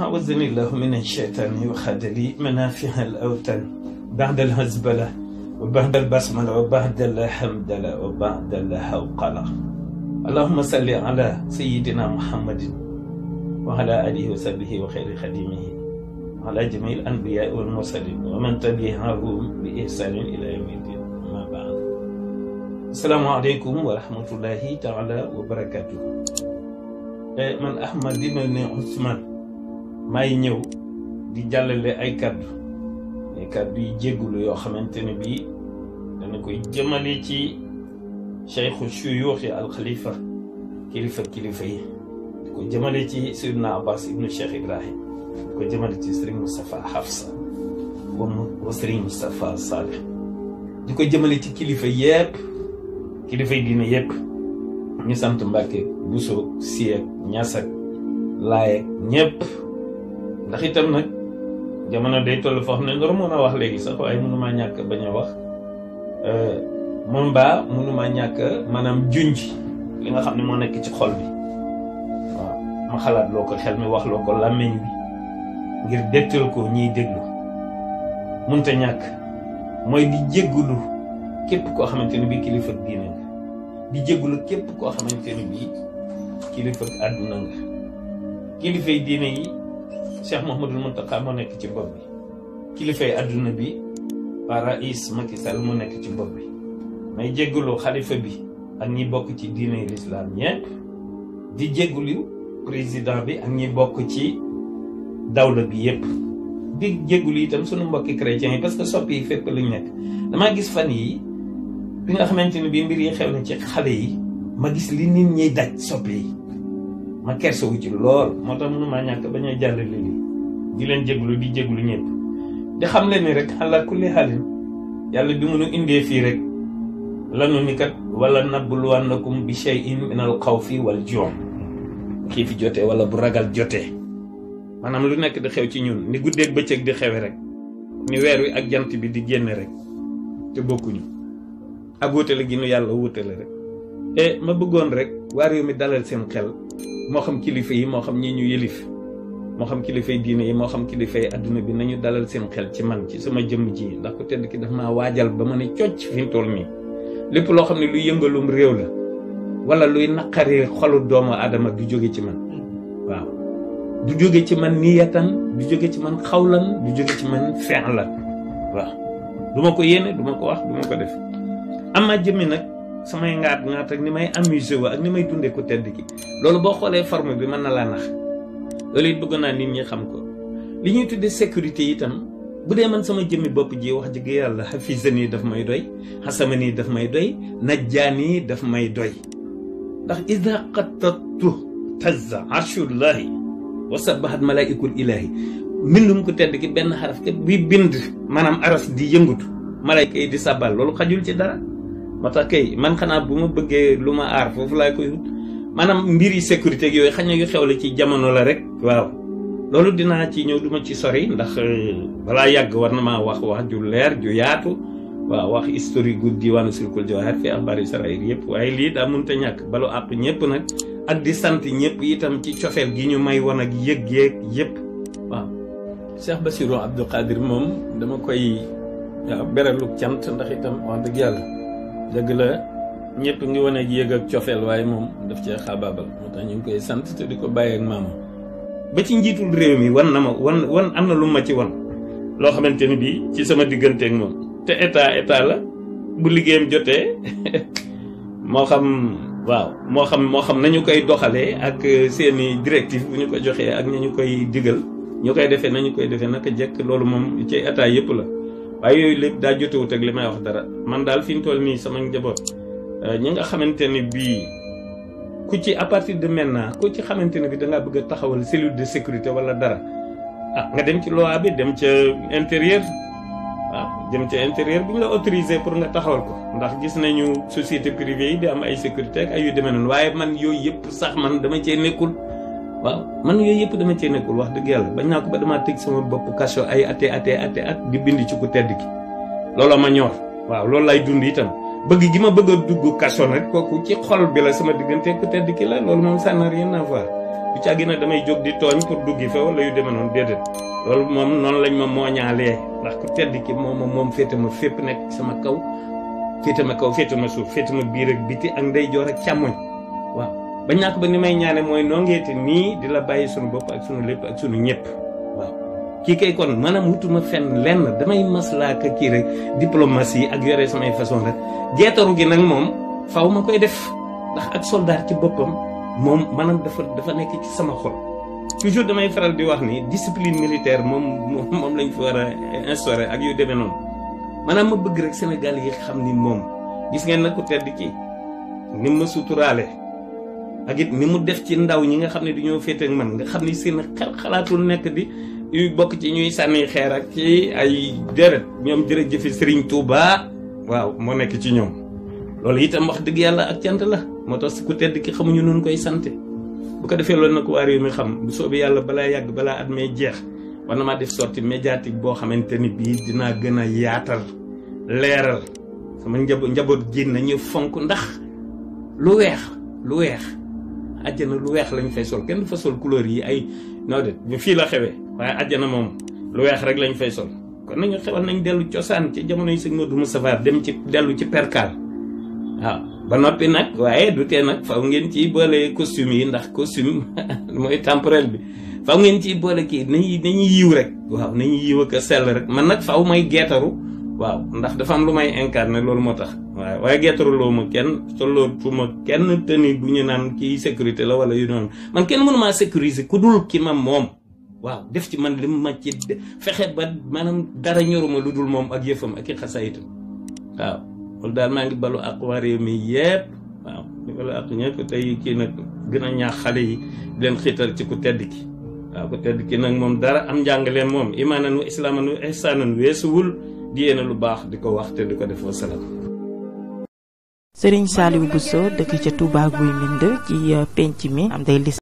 عوذني الله من الشيطان وخد لي منافع الأوتان بعد الهزبلة وبعد البسملة وبعد الحمدلة وبعد الهوقلة اللهم صل على سيدنا محمد وعلى آله وصحبه وخير خديمه وعلى جميع الأنبياء والمرسلين ومن تبعهم بإحسان إلى يوم الدين أما بعد السلام عليكم ورحمة الله تعالى وبركاته من أحمد بن عثمان may ñëw di jàllale ay kàddu ay kàddu yi jéggulu yoo xamante ne bii dana koy jëmale ci cheikhu shuyuux alxalifa kilifa kilifa yi di ko jëmale ci Seydina Abbas ibnu Cheikh Ibrahim di ko jëmale ci Serigne di ko jëmale ci kilifa yépp kilifa yi diine yépp ñu sant Mbàkke Buso Siyek Ñasak Laayek ñépp ndax itam nag jamono day toll foo xam ne nga mën a wax léegi sax waaye mënumaa ñàkk bañ a wax euh, moom baa mënumaa ñàkk maanaam junj li nga xam ne moo nekk ci xol bi waaw ma xalaat loo ko xel mi wax loo ko làmmeñ bi ngir dettal ko ñiy déglu munta ñàkk mooy di jéggulu képp koo xamante ni bi kilifa diine nga di jéggulu képp koo xamante ni bi kilifa àdduna nga kilifay diine yi cheikh mouhamadoul muntaka mo nek ci bopp bi kilifay adduna bi par rais Macky Sall mo nek ci bopp bi may djeglu khalifa bi ak ñi bok ci diine l'islam ñeent ya. di djeglu président bi ak ñi bok ci dawla bi yépp di djeglu itam suñu mbokk chrétien yi parce que soppi yi fépp lañ dama gis fan yi bi nga xamanteni bi mbir yi xewna ci xalé yi ma gis li nit ñi daj soppi ma kersa wu ci lool motam nu ma ñàkk baña jall li li di len jéglu di jéglu ñepp di xam leen ni rek ala kulli halim yalla bi mu nu indé fi rek lanu ni kat wala wanakum bi shay'in min al khawfi wal ki fi joté wala bu ragal joté manam lu nekk di xew ci ñun ni ak bëcëk di xewé rek ni wër wi ak jant bi di génné rek te gi nu rek eh, ma bëggoon rek waa réew mi dalal seen xel moo xam kilifa yi moo xam ñi ñu yëlif moo xam kilifay diine yi moo xam kilifay adduna bi nañu dalal seen xel ci man ci sama jëmm ji ndax ku tedd ki daf maa waajal ba ma ne cocc fi mu toll nii lépp loo xam ne luy yëngalum réew la wala luy naqari xolu doomu aadama du jóge ci man waaw du jóge ci man niyatan du jóge ci man xawlan du jóge ci man fi'lan waaw du ma ko yéene du ma ko wax du ma ko def ama jëmmi nag sama yang ngaat ak ni may amuser wa ak ni may dundee ko tedd gi lolou bo xoolee forme bi man na la nax lolou it bëgg nit ñi xam ko li ñuy tuddé sécurité itam bu dé man sama jëmmi bop ji wax dëgg yalla hafizani daf may doy hasamani daf may doy najjani daf may doy ndax idha qattatu tazza arshullahi wa sabbahat malaikul ilahi minum ko tedd ki ben harf ke bi bind manam aras di yëngut malaika yi di sabal lolou xajul ci dara Mata kay man xana bu ma bëggee lu ma aar foofu koy wut maanaam mbiri sécurité yoy xañ yu xew ci jamono la rek waaw lolu dina ci ñew duma ci sori ndax euh, bala yag war na maa wax wax ju leer ju yaatu wa wax histori gu diwaanu sirkul Jawahir fi israël sarair way li da mën ta ñak balu app ñëpp nak ak di sant ñëpp itam ci ciofel gi ñu may won ak yëg-yëg yëpp Cheikh Bassirou Abdou qadir mom dama koy ndax itam wax deug yalla deug la ñepp ngi wane ak yëg ak ciofel way mom daf ci xababal motax ñu koy sante te diko baye ak mama ba ci njitul rew mi wan na ma wan wan amna lu ma ci wan loo xamanteni ni ci sama diggante ak mom te état état la bu liggéeyam moo xam waaw mo xam mo xam nañu koy doxalee ak seeni directive bu ñu ko joxé ak ñu koy digal ñu koy defee nañu koy defee naka jekk lolu mom ci état yépp la waaye yooyu lépp daa jotewut ak li may wax dara man daal fi mu toll nii sama njaboot euh, ñi nga xamante ne bii ku ci à partir de maintenant ku ci xamante ne bi dangaa bëgg a taxawal cellule de sécurité wala dara ah nga dem ci loi bi dem ca intérieur ah dem ca intérieur bu ñu la autorisé pour nga taxawal ko ndax gis nañu société privée yi di am ay sécurité ak ay yu demee noonu waaye man yooyu yëpp sax man dama cee nekkul apa man yooyu yëpp dama ci nekkul wax dëgg yàlla bañ naa ko ba dama tëj sama bopp kaso ay ate ate ate at di bind ci ku tedd gi looloo ma ñor waaw loolu lay dund itam bëgg gi ma bëgg a dugg kaso nag kooku ci xol bi la sama diggante ku tedd gi la loolu moom ça rien na voir du càggi nag damay jóg di tooñ pour dugg fa wala yu demee noonu déedéet loolu moom noonu lañ ma mooñaalee ndax ku tedd gi moom moom féete ma fépp nekk sama kaw féete ma kaw féete ma suuf féete ma biir ak biti ak ndeyjoor ak càmmoñ ba ñàkk ba ni may ñaane mooy noo nii di la bàyyi sunu bopp ak sunu lépp ak sunu ñëpp waaw kii kay kon manam wutuma fenn lenn damay maslaa ka kii rek diplomatie ak yore samay façon rek geetaru gi nag moom faw ma koy def ndax ak soldat ci boppam moom manam dafa dafa nekk ci sama xol toujours damay faral di wax ni discipline militaire moom moom lañ fi war eh, eh, a instauré ak yu demee noonu manam ma bëgg rek Sénégal yi ya, xam ni gis ngeen ko tedd ci ni ma suturaale ak it ni mu def ci ndaw ñi nga xamne dañu fété ak man nga xamni seen xel xalaatu nekk di yu bok ci ñuy sami xéer ak ci ay deret ñoom jërëjëfe Serigne Touba waaw mo nekk ci ñom loolu itam wax dëgg yalla ak cant la moo tax ku tedd ki ñu nun koy santé bu ko défé loolu nak waa yu mi xam bu soobi yalla bala yàgg bala at may jeex wana ma def sorti médiatique bo xamanteni bi dina gëna yaatal leeral sama njaboot njaboot ñu fonk ndax lu wéx lu wéx àjjana lu weex lañu fay sol kenn du fa sol couleur yi ay noo de fii la xewee waaye àjjana moom lu weex rek lañ fay sol kon nañu xewal nañ dellu cosaan ci jamono yi sëñ mu Moustapha dem ci dellu ci perkaal waaw ba noppi nag waaye du tee nag faw ngeen ciy boole costume yi ndax costume mooy temporel bi faw ngeen ciy boole kii nañuy nañuy yiw rek waaw nañuy yiw ak a sell rek man nag faw may geetaru waaw ndax dafa am lu may incarné loolu moo tax waaye waaye gettaruloo ma kenn ma kenn tenu bu ñu naan kii sécurité la wala yu noonu man kenn mënu maa sécuriser ku dul ki ma moom waaw def ci man lim ma ci fexe ba maanaam dara ñoruma lu dul moom ak yëfam ak i xasaayitam waaw loolu daal maa ngi balu ak war mi yépp waaw di balu ak ñëpp tey kii nag gën a ñaax xale yi di leen xiital ci ku tedd ki waaw ku tedd ki nag moom dara am njàngaleem moom imaanan wa ihsaanan weesuwul di lu baax di ko wax te di ko def wasalaam. Serigne Saliou Bousso dëkk ca Touba Guy Mbind ci euh, penc mi am day lis